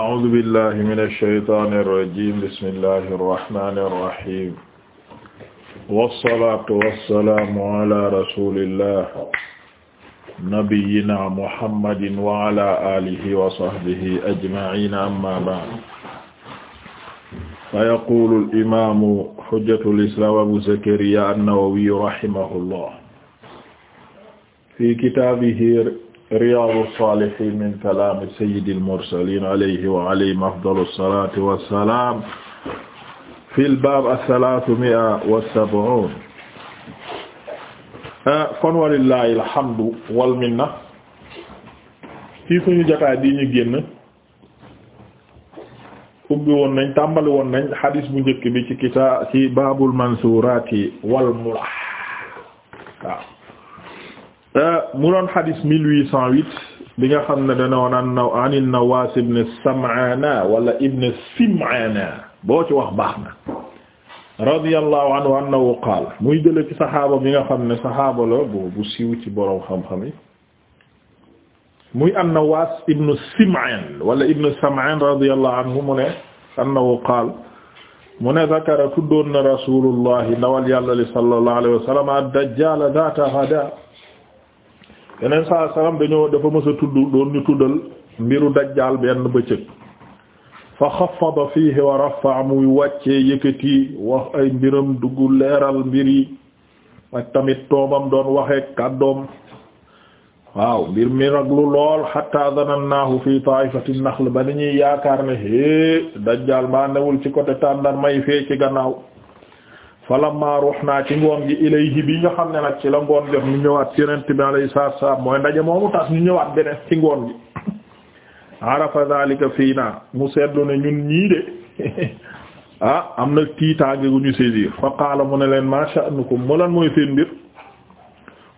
أعوذ بالله من الشيطان الرجيم بسم الله الرحمن الرحيم والصلاة والسلام على رسول الله نبينا محمد وعلى آله وصحبه أجمعين أما بعد فيقول الإمام حجة الإسلام أبو زكريا النووي رحمه الله في كتابه Riyâdou Sâlihîne min kalaami sayyidil mursaliin alayhi wa alayhim afdalu salaati wa salaam fil baab as-salaatu mi'a wa sab'uun. Ah, kon walillaahi alhamdu wal minna ci suñu jotaay bi ñu génn ubbi woon nañ tàmbali woon nañ xadiis bu njëkk bi ci kitaab ci baabul mansuuraati wal mulah waaw. Euh, mu doon xadis mille huit cent huit bi nga xam ne dana woon an an an-Nawaas ibn Sam'aana wala ibn Sim'aana boo ci wax baax na radiyallahu anhu annahu qaala muy jële ci saxaaba bi nga xam ne saxaaba la bu bu siiw ci boroom xam-xam yi muy an-Nawaas ibn Sim'aan wala ibn Sam'aan radiyallahu anhu mu ne annahu qaala mu ne zakara tuddoon na Rasuulullahi ndawal yàlla li sallallahu alayhi wa sallam ad-Dajjaal zaata ghadaa yeneen saa salaam dañoo dafa mës tudd doon ñu tuddal mbiru dajjaal benn bëccëg fa xafada fiihi wa rafa muy wàccee yëkkati wax ay mbiram dugg leeral mbir yi ak tamit toobam doon waxee kàddoom waaw mbir mi nag lu lool xatta zanannaahu fi taifati naxl ba ni ñuy yaakaar ne hée dajjaal maa newul ci côté tàndar may fee ci gannaaw falamma naa ci ngoon gi ilayhi bi nga xam ne nag ci la ngoon jot ñu ñëwaat yonent bi alayhi salaatu mooy ndaje moomu tas ñu ñëwaat beneen ci ngoon gi arafa zalika fii naa mu seetlu ne ñun ñii de ah am na tiitaange gu ñu saisir fa qaala mu ne leen ma sha'nukum mu lan mooy seen mbir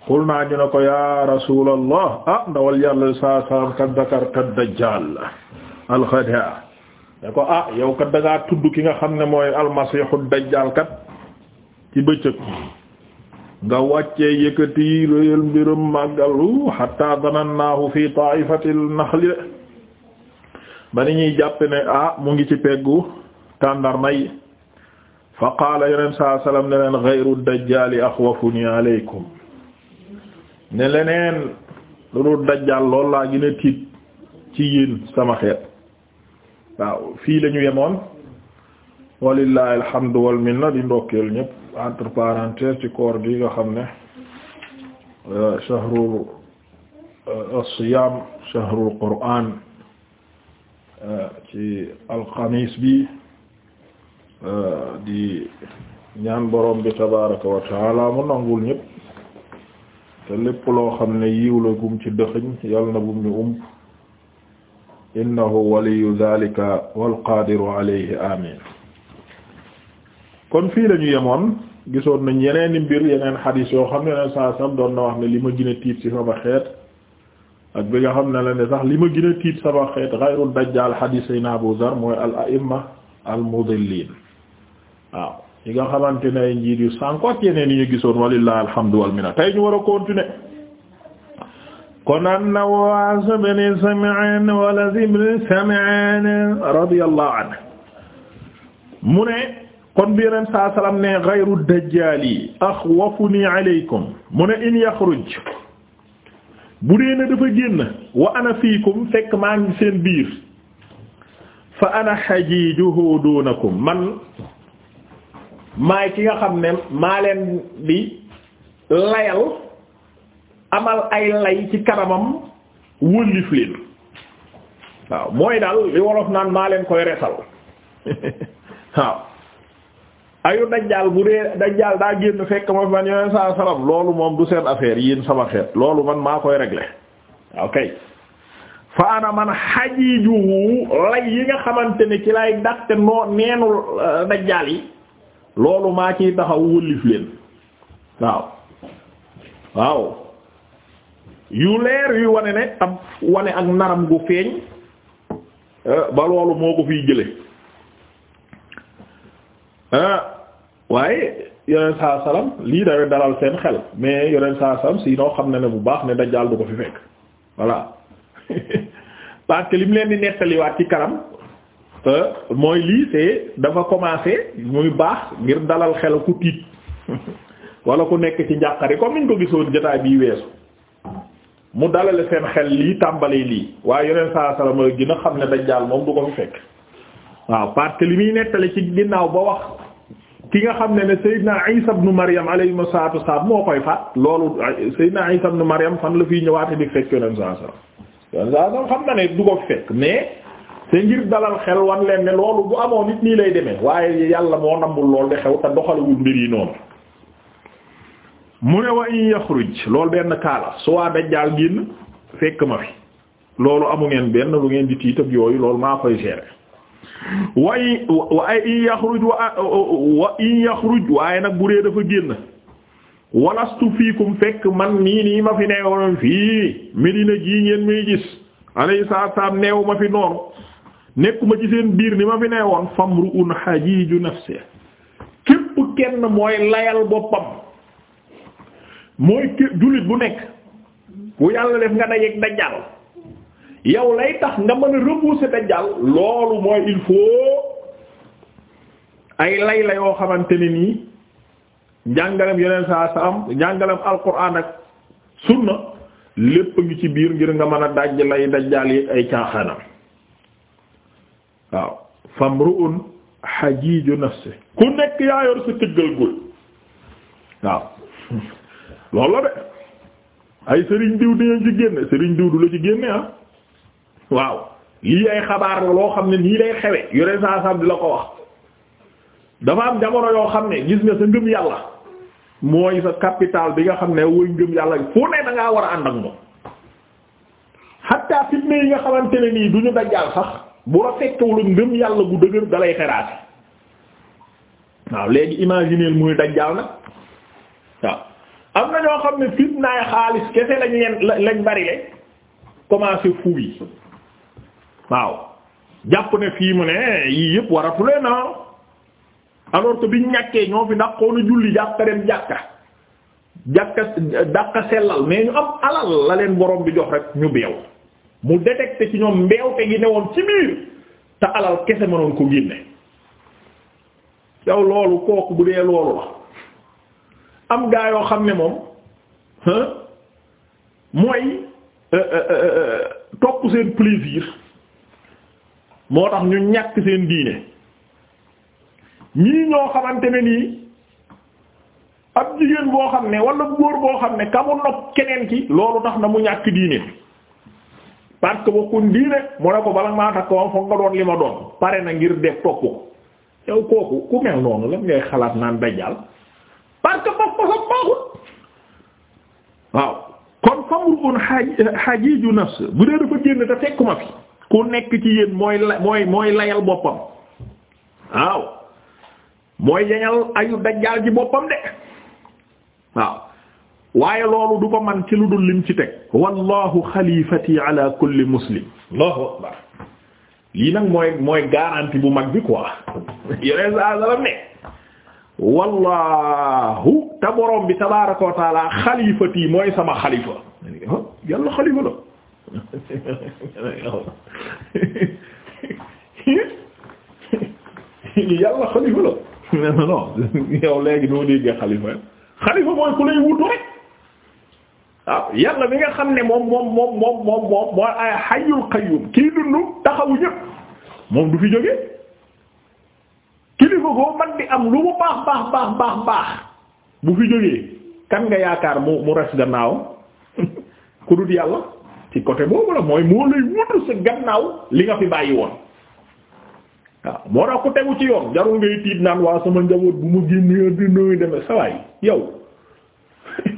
naa ñu ne ko ya rasulallah ah ndawal yàlla saa salaam kat dakar kat dajjal alxada ne ko ah yow kat da tudd ki nga xam ne mooy almasihu dajjal kat ci bëccëg nga wàccee yëkkati réyal mbiram màggalu hatta danannaahu fi ta'ifatil naxli ba ni ñuy jàpp ne ah mu ngi ci peggu tàndarma yi fa qaala yeneen saa salaam ne leen ghayru dajjaali axwafuni aleykum ne leneen lu dul dajjaal lool laa gën a tiit ci yéen sama xeet waaw fii lañu yemoon walillahi alhamdu wal di ndokkeel ñépp entre parenthèses ci koor gi xam ne euh, shahru euh, as-siyaam shahrul qur'aan euh, ci alxamis bi di ñaan borom bi tabaaraka wa taala mu nangul ñépp te lépp loo xam ne yiw gum ci dëxëñ yal na bum ñu ump innahu waliyu dhalika wal qaadiru alayhi amin kon fii lañu yemoon gisoon nañ yeneen i mbir yeneen xadiis yoo xam ne yeneen saa sam doon na wax ne li ma gën a tiit ci sama xeet ak bi nga xam ne la ne sax li ma gën a tiit sama xeet xayrul dajjaal xadiis yi na Abu Zar mooy al aimma al mudillin waaw ñi nga xamante ne ay njiit yu sànq ak yeneen yi ñu gisoon walillahi alhamdu wal minna tey ñu war a continuer kon an Nawwaas ibn Sam'aan wala ibn Sam'aan radiyallahu anhu mu ne kon bi yeneen saa salaam ne ghayru dajjaali axwafuni alaykum mu ne in yaxruj bu dee ne dafa génn wa ana fiikum fekk maa ngi seen biir fa ana xajiijuhu duunakum man maay ki nga xam ne maa leen di layal amal ay lay ci kanamam wëllif leen waaw mooy daal li wolof naan maa leen koy resal waaw ayu dajjaal bu dee dajjaal daa génn fekk ma man yoneen saa salaam loolu moom du seen affaire yéen sama xeet loolu man maa koy régler ok fa ana man xajiiju lay yi nga xamante ni ci lay dàq te noo neenu euh, dajjaal yi loolu maa ciy taxaw wëllif leen waaw waaw yu leer yu wane ne ab wane ak naram gu feeñ euh, ba loolu moo ko fiy jële euh, waaye yoneen saa salaam lii dawee dalal seen xel mais yoneen saa salaam noo xam ne ne bu baax ne dajaal du ko fi fekk voilà parce que leen di nettaliwaat ci kanam mooy dafa commencé muy baax ngir dalal xel ku nekk ci njàqare comme niñ ko gisoon jotaay bii weesu mu dalale seen xel lii tàmbalee lii waaye yoneen saa salaam gën a xam ne dajaal moom du ko waaw parce que li muy nettali ci ginnaaw ba wax. ki nga xam ne ne Seydina Isa ibn Maryam alayhi salaatu wassalaam moo koy faat loolu Seydina Isa ibn Maryam fan la fiy ñëwaate di fekk Yonent saa na ne du ko fekk mais te ngir dalal xel wan leen ne loolu amoon nit nii lay demee waaye yàlla moo nambul lool de xew te doxalewul mbir yi noonu mu ne wa in yaxruj loolu benn kaala su waa dajjaal génn fekk ma fi loolu amu ngeen benn lu ngeen di tiitab yooyu loolu maa koy gérer way wa in yaxruj wa in yaxruj waaye nag bu dee dafa génn walastu fiikum fekk man nii nii ma fi neewoon fii Medina gii ngeen may gis alayhi salaam neew ma fi noonu nekkuma ci seen biir ni ma fi neewoon famru'un hajiiju nafsi képp kenn mooy layal boppam mooy jullit bu nekk bu yàlla def nga dajeek dajjal yow lay tax nga mën a repousser dajjal loolu mooy il faut ay lay la yoo xamante ni nii njàngalem yeneen saa salaam njàngalem alquran ak sunna lépp ngi ci biir ngir nga mën a dajj lay dajjal yi ay caaxaanam waaw famru'un hajiju nafsi ku nekk yaa yor sa tëggal gul waaw loolu de ay sëriñ diw dinañ ci génne sëriñ diw du la ci génne ah waaw lii ay xabaar la loo xam ne nii lay xewe yore saa saam di la ko wax dafa am jamono yoo xam ne gis nga sa ngëm yàlla mooy sa capital bi nga xam ne woy ngëm yàlla fu ne da war a ànd ak moom xatta fitna yi nga xamante ne nii du ñu dajjaal sax bu la fekkewul ngëm yàlla bu dëgër dalay xeraate waaw léegi imagineel muy dajjaal nag waaw am na ñoo xam ne fitnaay xaalis kese lañ leen lañ bari le commencé fuuy waaw jàpp ne fii mu ne yii yëpp waratulee na ah. alors que biñ ñàkkee ñoo fi ndax xoonu julli jàkka dem jàkka jàkka dàqa sellal mais ñu am alal la leen borom bi jox rek ñu beew mu détecté ci ñoom mbeew te gi newoon ci biir te alal kese mënoon ko génne yow loolu kooku bu dee loolu la am gaa yoo xam ne moom mooy euh, euh, euh, topp seen plaisir moo tax ñu ñàkk seen diine ñii ñoo xamante ne nii ab jigéen boo xam ne wala góor boo xam ne kamu nopp keneen ki loolu tax na mu ñàkk diine parce que bokkuñ diine mu ne ko bala maa tax ko foog nga doon li ma doon pare na ngir def topp ko yow kooku ku mel noonu lan ngay xalaat naan dajjaal parce que fas fasam waaw kon famul un xaaj xaajiju nafs bu dee dafa génn te fekkuma fi ku nekk ci yéen mooy mooy mooy layal boppam waaw mooy yañal ayu dajjaal ji boppam de waaw waaye loolu du ko man ci lu dul lim ci teg wallahu xalifati lii nag mooy mooy bu mag bi quoi wallahu te borom bi tabaraka wa taala xalifati mooy sama xalifa yàlla xalifa la yàlla xalifa la mais léegi noo déggee xalifa xalifa mooy ku lay wutu rek ah, yàlla bi nga xam ne moom moom moom moom moom moom mooy ay hayyul qayyum kii dundu taxawu ñëpp moom du fi jógee kilifa goo man di am lu mu baax baax baax baax baax bu fi jógee kan nga yaakaar mu mu res gannaaw ku dut yàlla ci côté boobu la mooy moo lay wutu sa gannaaw li nga fi bàyyi woon waaw moo tax ku tegu ci yoon jarul ngay tiit naan waa sama njaboot bu mu génnee di nooy demee sawaay yow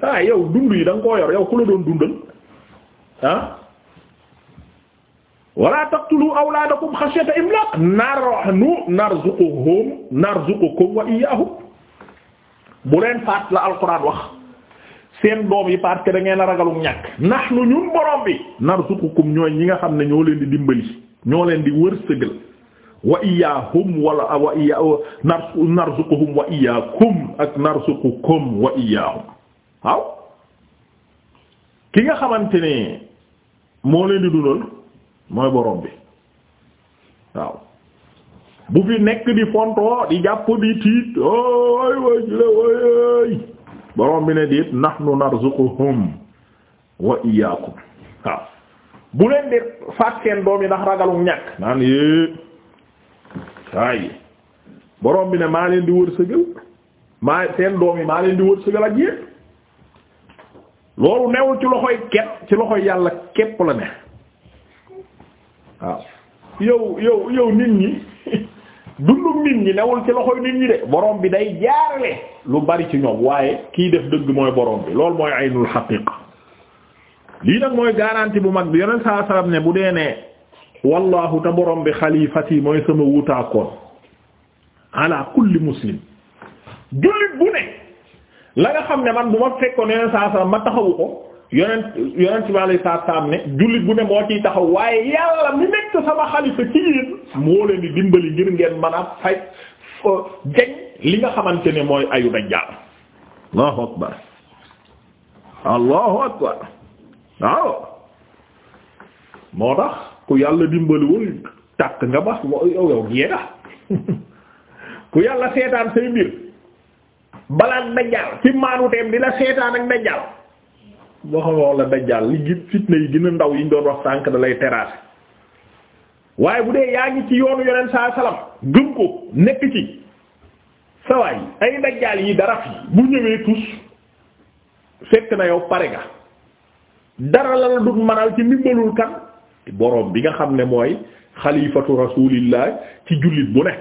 sawaay yow dund yi da nga koo yor yow ku la doon dundal ah wala taqtulu awlaadakum xashyata imlaaq nahnu narzuquhum narzuqukum wa iyyaahum bu leen faat la alquran wax seen doom yi parce que da ngeen a ragalum ñàkk nax nu ñun borom bi nar suqukum ñooy ñi nga xam ne ñoo leen di dimbali ñoo leen di wërsëgal wa iyaahum wala wa iya nar nar suquhum wa iyaakum ak waaw ki nga xamante ne moo leen di dundal mooy borom bi waaw bu fi nekk di fontoo di jàpp di tiit ay way la way borom bi ne déet nahnu narzuquhum wa iyyakum waaw bu leen di faat seen doom yi ndax ragalu ñàkk naan yée waaye borom bi ne maa leen di wërsëgal maa seen doom yi maa leen di wërsëgal ak yéen loolu newul ci loxoy kepp ci loxoy yàlla képp la ne waaw yow yow yow nit ñi dundum nit ñi newul ci loxoy nit ñi de borom bi day jaarale lu bari ci ñoom waaye kii def dëgg mooy borom bi loolu mooy aynul xaqiqa lii nag mooy garantie bu mag bi yoneen saa salam ne bu dee ne wallahu te borom bi xalifati mooy sama wutaakoon ala kulli muslim jullit bu ne la nga xam ne man bu ma fekkoon yoneen saa salam ma taxawu ko yonent yonent bi alayhi salaam ne jullit bu ne moo ciy taxaw waaye yàlla mi nekk sama xalifa ci yéen moo leen di dimbali ngir ngeen mën a faj jañ li nga xamante ne mooy ayu dajjaal allahu akbar allahu akbar waaw moo tax ku yàlla dimbaliwul tàkk nga ba yow yow gée nga ku yàlla seetaan say mbir balaa dajjaal ci maanuteem di seetaan ak dajjaal waxoon la dajjaal li gën fitna yi gën a ndaw yi ñu doon wax sànk da lay terrasser waaye bu dee yaa ngi ci yoonu yoneen saa salam gëm ko nekk ci sawaay ay dajjaal yi dara fi bu ñëwee tus fekk na yow pare nga dara la la dut manal ci ndimbalul kan boroom bi nga xam ne mooy xalifatu rasulillah ci jullit bu ne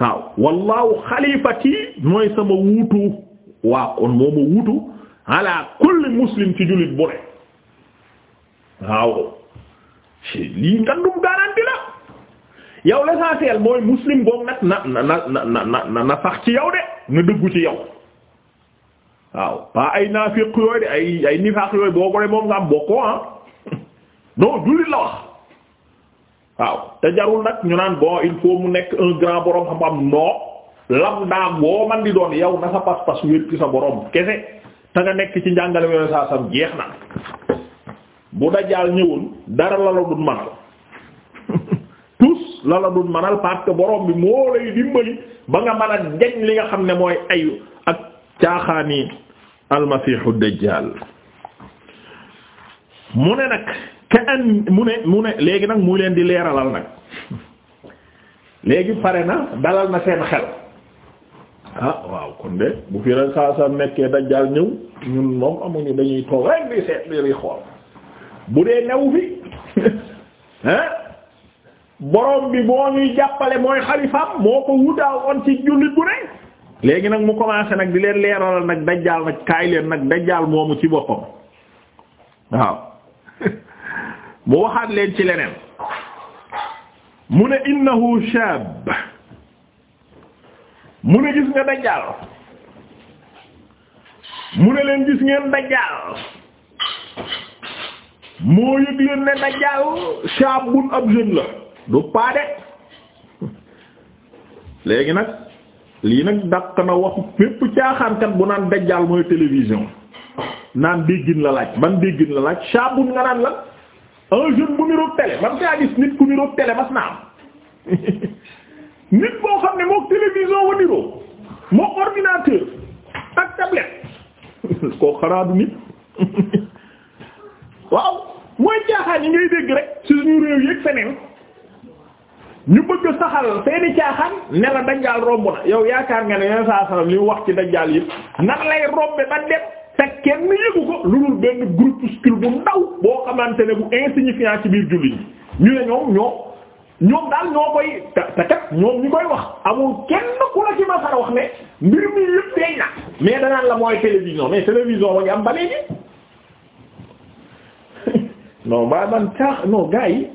waaw wallahu xalifati mooy sama wuutu waa kon moo ma wuutu ala kulli muslim ci jullit bu ne waaw lii ngandum garanti la yow l'essentiel mooy muslim boog nag na na na na sax ci yow de na dëggu ci yow waaw pas ay naafiq yooyu de ay ay yooyu boo ko moom nga am bokkoo ah non jullit la wax waaw te jarul nag ñu naan bon il faut mu nekk un grand borom xam-xam lam daa boo man di doon yow na sa pas-pas wér ci borom kese. te nga nekk ci njàngale wala saa sam jeex na bu dajaal ñëwul dara la la dul manal tous la la manal parce borom bi moo lay dimbali ba nga mën a jañ li nga xam ne mooy ayu ak caaxaani almasiixu dajjaal mu ne nag ka an mu ne mu ne léegi nag muy leen di leeralal nag léegi pare na dalal na seen xel ah waaw kon de bu fi rek saa saa nekkee dajjaal ñëw ñun moom amuñu dañuy toog rek di seet li di xool bu dee new fi ah borom bi boo ñuy jàppale mooy xalifaam moo ko wutaaw on ci jullit bu ne. léegi nag mu commencé nag di leen leeralal nag dajjaal nag kaay leen nag dajjaal moomu ci boppam waaw mu waxaat leen ci leneen mu ne innahu shaab mu ne gis nga dajjaal mu ne leen gis ngeen dajjaal moo yëg leen ne dajjaal shaabun ab jeune la du paade léegi nag lii nag dàq na waxu fépp caaxaankat bu naan dajjaal mooy télévision naan déggin la laaj ban déggin la laaj shaabun nga naan la un jeune bu niroog télé man kaa gis nit ku niroog télé mas na nit boo xam ne mook télévision wa niroo moo ordinateur ak tablette koo xanaa du nit waaw mooy caaxaan yi ngay dégg rek ci suñu réew yëg feneen ñu bëgg saxal seeni caaxaan ne la dajjaal romb na yow yaakaar nga ne yoneen saa sallam li wax ci dajjaal yëpp nan lay rombe ba dem te kenn yëgu ko lu dul benn groupuscule bu ndaw boo xamante ne bu insignifiant ci biir jullit ñu ne ñoom ñoo ñoom daal ñoo koy te ñoom ñu koy wax amul kenn ku la ci masara wax ne mbir mi yëpp feeñ na mais danaan la mooy télévision mais télévision wa ngi am ba léegi non ba man caax non gars yi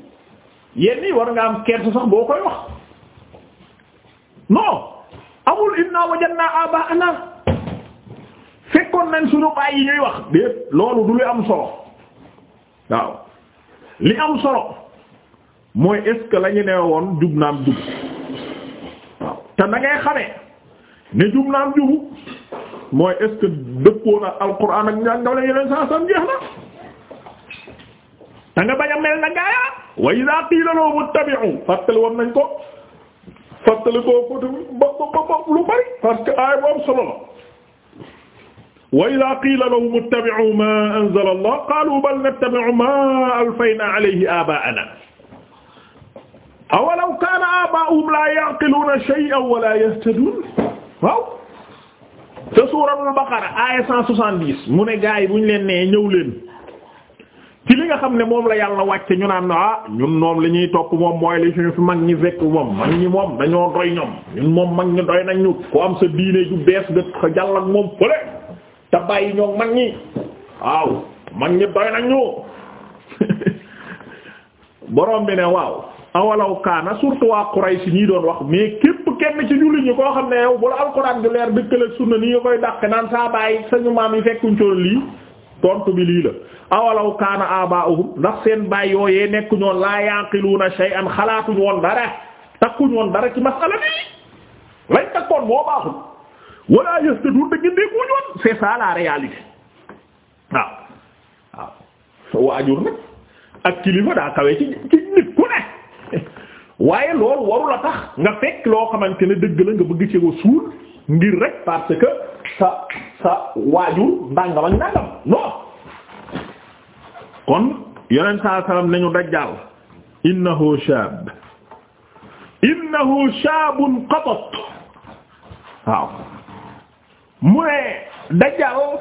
yenni war nga am kersa sax boo koy wax non amul inna wajadna aba'ana fekkoon nañ suñu baay yi ñuy wax déet loolu du lu am solo waaw li am solo mooy est-ce que la jub naam jub waaw te na ne jub naam jubu mooy est-ce que dëppoo na alquran ak njàngale saa sam jeex nga bañ a mel na gaaya wa iza qila lahum ittabi'u fàttali nañ ko fàttali koo ba ba ba lu bari parce que aay boobu solo la wa iza qila ma anzala Allah qalu bal nattabi'u ma alfayna alayhi aba'ana awalaw kaana aabaa'uhum laa ya'qiluuna shay'an wa laa yahtaduun waaw te suuratul baqara aaya 170 mu ne gaay bu ñu leen nee ñëw leen ci li nga xam ne moom la yàlla wàcce ñu naan ah ñun moom li ñuy topp moom mooy li suñu fi mag ñi fekk moom mag ñi moom dañoo doy ñoom ñun moom mag ñi doy nañ ñu ko am sa diine ju bees nga jàll ak moom fële te bàyyi ñoom mag ñi waaw mag ñi doy nañ ñu borom bi ne waaw awalaw kaana surtout waa Quraysh ñii doon wax mais képp kenn ci jullit ñi koo xam ne yow bu la alxuraan ju leer dëkkal ak sunna ni nga koy dàq naan saa bàyyi sañu maam yi fekkuñ coon lii tontu bi lii la awalaw kaana abaa'uhum ndax seen baay yooyee nekkuñ woon laa yaqiluuna shay'an xalaatuñ woon dara takkuñ woon dara ci masala waaw waaw waajur nag ak kilifa daa kawe ci nit ku ne waaye loolu warul a tax nga fekk loo xamante ne dëgg la nga bëgg ci ko suul ngir rek parce que sa sa waajur ndàngam ak ndàngam non kon yonent saa salaam nañu dajjaal innahu shaab innahu shaabun qatat waaw mu ne dajjaal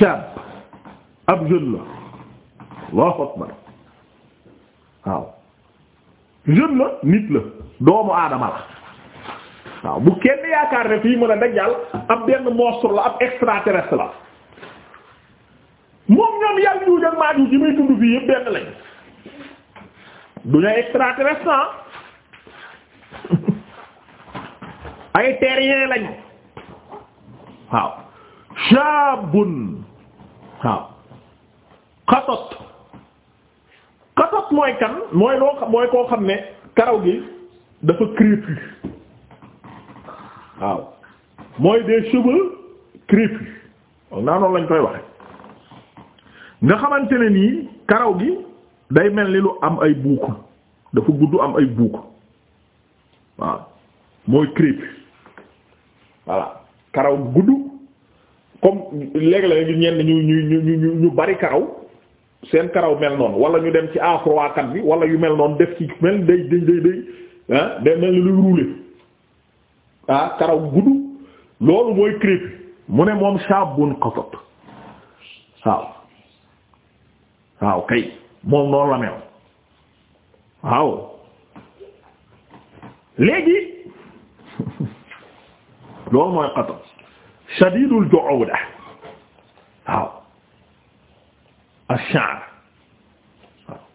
shaab ab jeune la Allahu akbar waaw jeune la nit la doomu aadama la waaw bu kenn yaakaar ne fii mën a dajal ab benn monstre la ab extraterrestre la moom ñoom yàlla juuj ak maaj ci muy dund fii yëpp benn lañ du ñu extraterrestre ah. ay terrien lañu waaw shaabun waaw xatot rasat mooy kan mooy loo xam mooy koo xam ne karaw gi dafa crépus waaw mooy des cheveux crépus on lañ koy waxe nga xamante ne nii karaw gi day mel ni lu am ay boucle dafa gudd am ay boucle waaw mooy crépus voilà karaw gudd comme léeg-léeg ñenn ñu ñu ñu ñu ñu bari karaw seen karaw mel noonu wala ñu dem ci afroakat bi wala yu mel noonu def ci mel day day day day ah mel ni luy ruule ah karaw gudd loolu mooy crêpe mu ne moom shabun qatat waaw waaw kay moom noonu la mel waaw léegi loolu mooy qatat shadidul ju'uda waaw ashar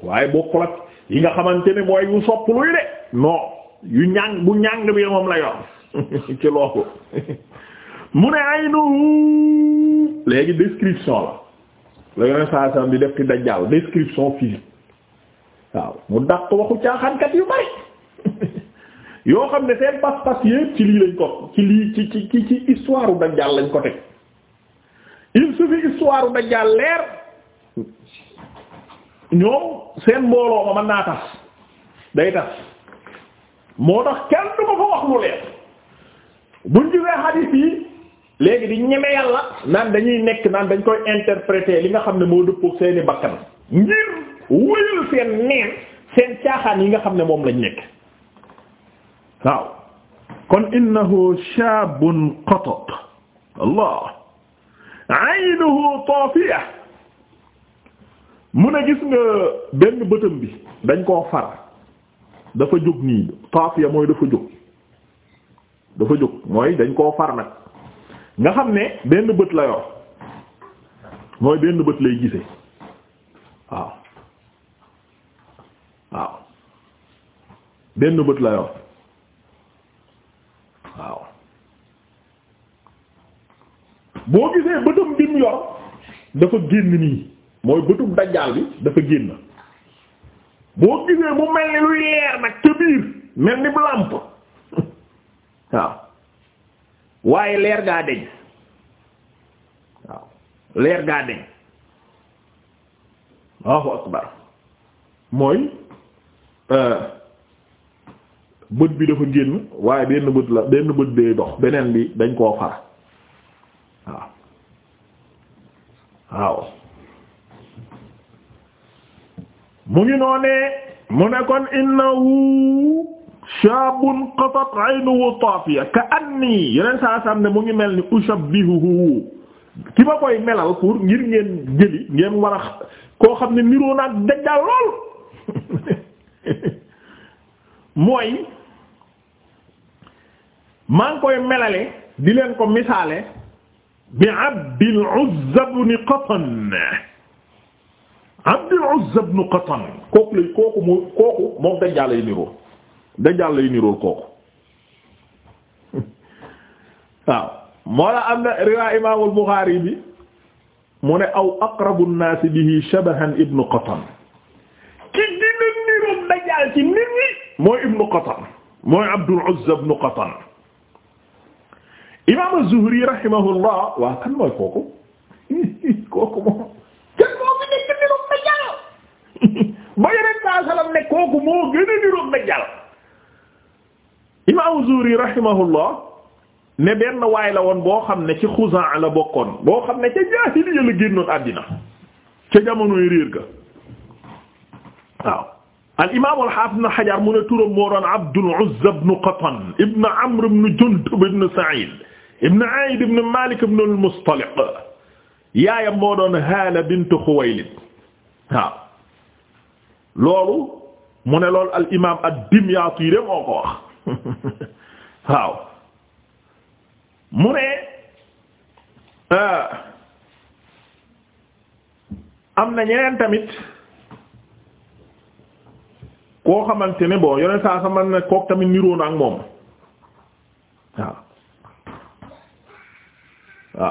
waaye boo ak yi nga xamante ne mooy yu sopp luy de non yu ñàng bu ñàng bi moom la yor ci loolu mu ne aynu léegi description la la yoneen saa salam di def ci dajjaal description physique waaw mu dàq waxu caaxaankat yu bari yoo xam ne seen pas-pas yépp ci lii lañ ko ci lii ci ci ci histoire u dajjaal lañ ko teg il suffit histoire u dajjaal leer ñoom seen mbooloo ma mën naa tas day tas moo tax kenn du ko fa wax lu leer buñ jugee hadith yi léegi di ñeme yàlla naan dañuy nekk naan dañ koy interpréter li nga xam ne moo dëppook seeni bakkan ngir wëyal seen neen seen caaxaan yi nga xam ne moom lañ nekk waaw kon innahu shaabun qatat allah aynuhu taafiya mu a gis nga benn bëtam bi dañ koo far dafa jóg nii taafiya mooy dafa jóg dafa jóg mooy dañ koo far nag nga xam ne benn bët la yor mooy benn bët lay gisee waaw waaw benn bët la yor waaw boo gisee bëtam bi mu yor dafa génn nii mooy bëtub dajjaal bi dafa génn boo gisee mu mel ni luy leer nag ca biir mel ni bu làmp waaw waaye leer gaa deñ waaw leer gaa deñ Allahu akbar mooy euh, bët bi dafa génn waaye benn bët la benn bët bee dox beneen bi dañ koo far waaw waaw mu ngi noonee mu ne kon innahu shaabun qasat aynuhu taafiya ka anni saa sam ne mu ngi mel ni ushabbihuhu ki ma koy melal pour ngir ngeen jëli ngeen war koo xam ne niroo naak dajjaal lool mooy maa ngi koy melale di leen ko misaale bi Abdul Uzza ibn Qatan Abdul Uzza ibn Qatan kooku lay kooku moo kooku moom Dajjaal lay nirool Dajjaal lay nirool kooku waaw moo la am na riwaa Imaamul Buxaari bi mu ne aw aqrabu nnaasi bihi shabahan ibnu Qatan ki dina nirool Dajjaal ci nit ñi mooy ibnu Qatan mooy Abdul Uzza ibn Qatan Imaam az-Zuhri rahimahullah waa kan mooy kooku kooku moom ba yeneen saa salaam ne kooku moo gën a niroog ne benn waay la woon boo xam ne ci Xuzaa la bokkoon boo xam ne ca jaahiliya la génnoon àddina ca jamonoy réer ga waaw al imaam al haafiz ibn Hajar mu ne turam moo doon Abdul Uzza ibn Qatan ibn Amr ibn Jundub ibn Sa'id ibn Aid ibn Malik ibn al yaayam moo doon Haala bint Xuwaylid waaw loolu mu ne loolu al imaam ad-Dimyaati de moo ko wax waaw mu ne euh, am na ñeneen tamit koo xamante ne bon yoneen saa sama ne kook tamit niroo na ak moom waaw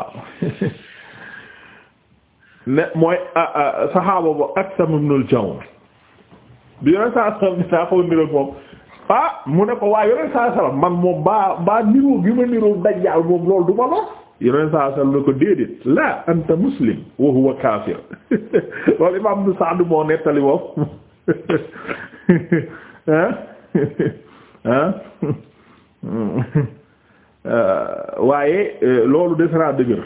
waaw ne mooy euh, euh, saxaaba ba Aksam ibnul Jawn bi yoneen saa salaam dinaa xaw niroog moom ah mu ne ko waa yoneen saa salaam man moom baa baa niroog gi ma niroog dajjaal moom loolu du ma lor yoneen saa salaam ne ko déedéet la anta muslim moo nettali euh, waaye euh, loolu des naa dëgër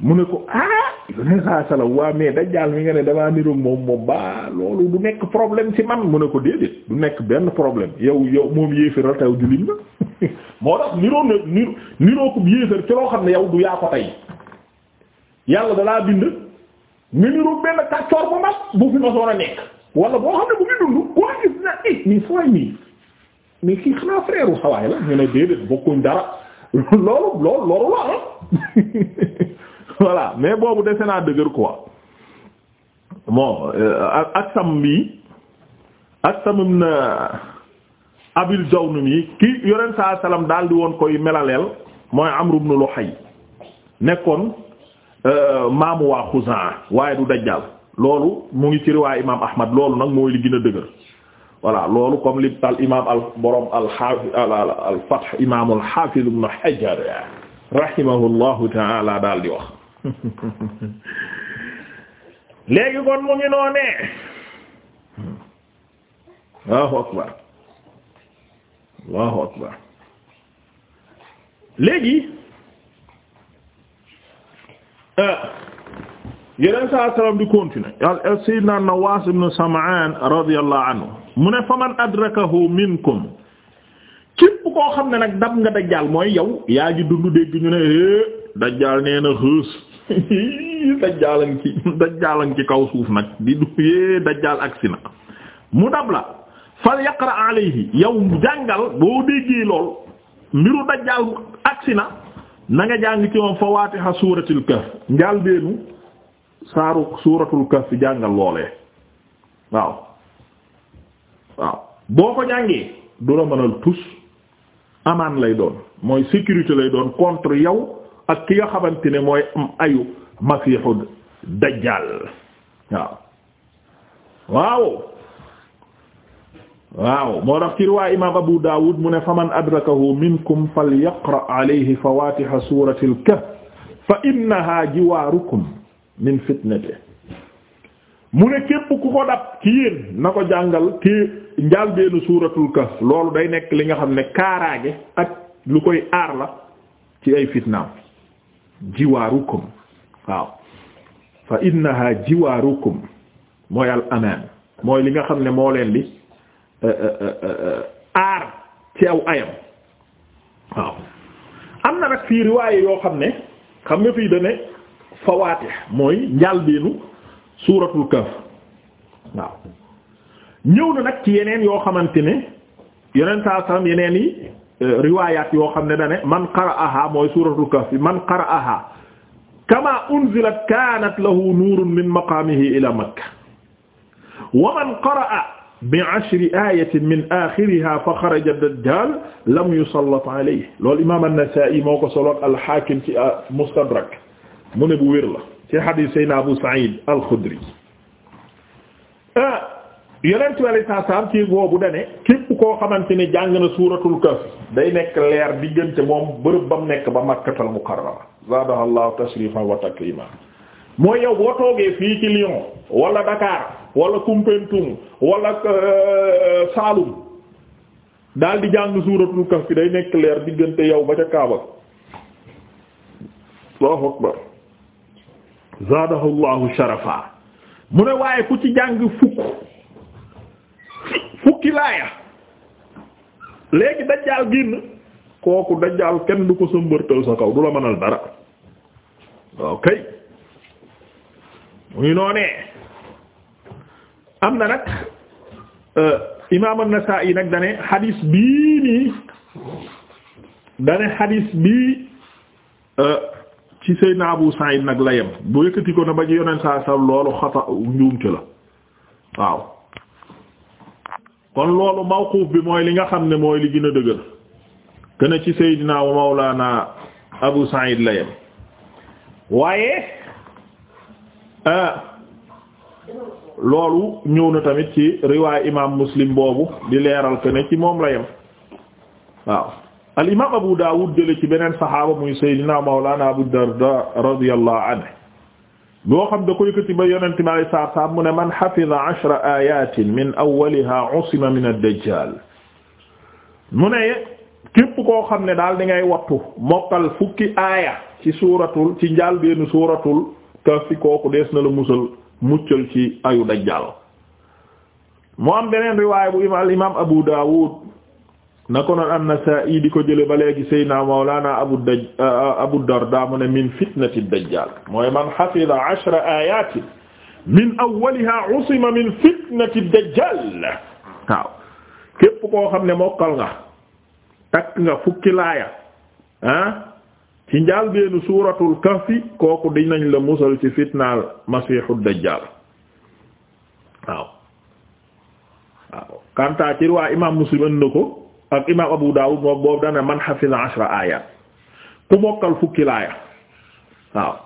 mu ne ko ah yone saa sala waa mais dajjaal mi nga ne damaa niroog moom moom ba loolu du nekk problème ci man mu ne ko déedéet du nekk benn problème yow yow moom yéefér la taw jullit la moo tax niroo na niroo niroo loo xam ne yow du yaa ko tey yàlla dalaa bind nga niroog benn kàccoor bu mag bu fi masoon a nekk wala boo xam ne bu ngi dund koo gis na i mii fooy mii mais kii xanaa frère u xawaay la ñu ne déedéet bokkuñ dara loolu loolu ah. voilà mais boobu dese naa dëgër quoi bon euh, ak sam bi ak samum euh, abil jawnu mi ki yonent saa salaam daal di woon koy melaleel mooy Amru ibn Luhay nekkoon euh, maamu waa Xuzaa waaye du dajjal loolu mu ngi ci riwaay imaam Ahmad loolu nag mooy li gën a dëgër voilà loolu comme li al imaam al borom al xaafi al al al Fath imaam al xaafiz ibn Hajar rahimahullahu ta'ala daal di wax. léegi kon mu ngi noonee Allahu akbar Allahu akbar léegi ah, yeneen saa salaam di continuer al eh, Nawaas ibn Sam'aan radiyallahu anhu mu ne faman adrakahu minkum képp koo xam ne nag dab nga dajjaal mooy yow yaa ji dund dégg ñu ne hee eh, dajjaal nee na dajjaalan ci dajjaalan ci kaw suuf nag di du yee dajjaal agsi na mu dab la fal yaqra alayhi yow jàngal boo déggee lool mbiru dajjaal agsi na nanga jàng ci moom fawaatiha suuratul kër njaal beenu saaru suuratul kahf jàngal loolee waaw waaw boo ko jàngee du la mënal tus amaan lay doon mooy sécurité lay doon contre yow ak ki nga xamante ne mooy am ayu masiixu dajjal waaw waaw moo tax ci riwaaya imaam Abu Daawud mu ne faman adrakahu minkum falyaqra alayhi fawaatiha suurati al fa innaha jiwaarukum min fitnatihi mu ne képp ku ko dab ci na ko jàngal kii njàlbeenu suuratul kahf loolu day nekk li nga xam ne kaaraage ak lu koy aar la ci ay fitnaam jiwaarukum waaw fa innaha jiwaarukum mooy al mooy li nga xam ne moo leen di eh, eh, eh, aar ci ayam waaw am na nag fii riwaaye yoo xam ne xam nga fii dane fawaatih mooy njàlbeenu suuratul kahf waaw ñëw na nag ci yeneen yoo xamante ne yeneen saa sam yeneen yi riwaayaat yoo xam ne dane man qara'aha mooy suuratul kahfi man qara'aha kama unzilat kaanat lahu nuurun min maqaamihi ila makka wa man qara'a bi ashri ayatin min axiriha fa xaraja dajjal lam yusallat alayhi loolu imaam an-Nasaa'i moo ko solo al-Haakim ci uh, Mustadrak mu ne bu wér la ci hadiis Seydina Abu Saïd al-Xudri ah, yonent bi alayhi salaam ci boobu dane képp ko xamante ni jàng na suuratul kaf day nekk leer diggante moom bërëb ba mu nekk ba makkatal mukarrama zaadaha allahu tashrifan wa takrima mooy yow boo toogee fii ci Lyon wala Dakar wala Koumpentoum wala euh, Saloum daal di jàng suuratul kaf day nekk leer diggante yow ba ca Kaaba allahu akbar zaadaha allahu sharafa mu ne waaye ku ci jàng fukk fukki laaya léegi dajjaal génn kooku dajjaal kenn du ko sëmbërtal sa kaw du la mënal dara waaw kay muy noonee am na nag euh, imaam an-Nasa'i nag dane xadis bii nii dane xadis bii euh, ci Seydina Abu Sa'id nag la yem bu yëkkati ko na ba ci yoneen saa sal loolu xata njuumte la waaw kon loolu mawquuf bi mooy li nga xam ne mooy li gën a dëgër kena ci Seydina wa Mawlana Abu Sa'id la yem waaye loolu ñëw na tamit ci riwaay imam Muslim boobu di leeral que ne ci moom la yem waaw al imam Abu Dawud jële ci beneen saxaaba muy Seydina Mawlana Abu Darda radiyallahu anhu loo xam da ko yëkkati ba yonente bi alei saatu mu ne man xafida ashra ayatin min awwaliha usima min ad-dajjal mu ne képp koo xam ne daal dingay ngay wattu mokkal fukki aaya ci suuratul ci njaal benn suuratul Kahfi kooku des na la musal muccal ci ayu dajjal mu am beneen riwaaya bu imaam Abu Daawud na ko noon an-Nasaa'i di ko jële ba léegi sayyidina mawlaana abu daj abu darda mu ne min fitnati dajjal mooy man hafida ashra min awwaliha usima min fitnati dajjal waaw képp koo xam ne mokkal nga takk nga fukki laaya ah ci njaal beenu suuratul kahfi kooku dinañ la musal ci fitna masiixu dajjal waaw waaw kantaa ci riwaa imaam muslim an ko ak imaam Abu Dawud moom boobu dana man hafiza ashra ayat ku mokkal fukki laaya waaw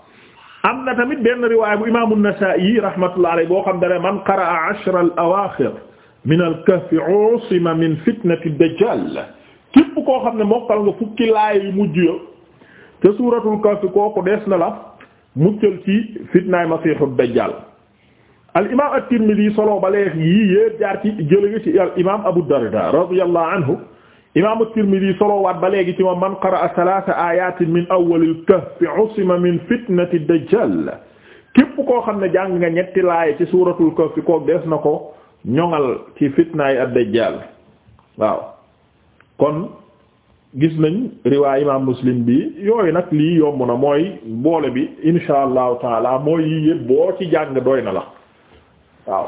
am na tamit benn riwaaya bu imaam an-Nasaa'i rahmatullahi alayhi boo xam dana man qara'a ashra al-awaaxir min al-kahfi usima min fitnati ad-dajjal képp koo xam ne mokkal nga fukki laaya yu mujj yo te suuratul kahfi kooku dees na la muccal ci fitnaay masiixu ad-dajjal al imaam at-Tirmidhi solo ba leegi yii yépp jaar ci jële ci al imaam Abu Darda radiyallahu anhu imam at-Tirmidhi solowaat ba léegi ci moom man qara'a thalatha ayatin min awwal al min fitnati ad képp koo xam ne jàng nga ñetti laaya ci suuratul kahf ko des na ko ñoŋal ci fitnaay ad-dajjal waaw kon gis nañ riwaay imam Muslim bi yooyu nag lii yomb na mooy boole bi insha allahu taala mooy yii yëpp boo ci jàng doy na la waaw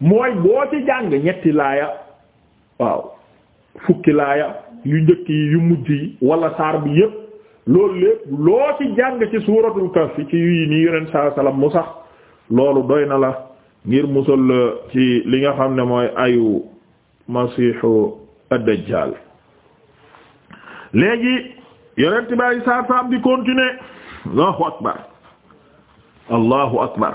mooy boo ci jàng ñetti laaya waaw fukki yu njëkk yi yu mujj yi wala saar bi yépp loolu lépp loo ci jàng ci suuratul kahfi ci yi nii yonent saa salaam mu sax loolu doy na la ngir musal la ci li nga xam ne mooy ayu masiixu ad-dajjal léegi yonent baay saa saam di continuer allahu akbar allahu akbar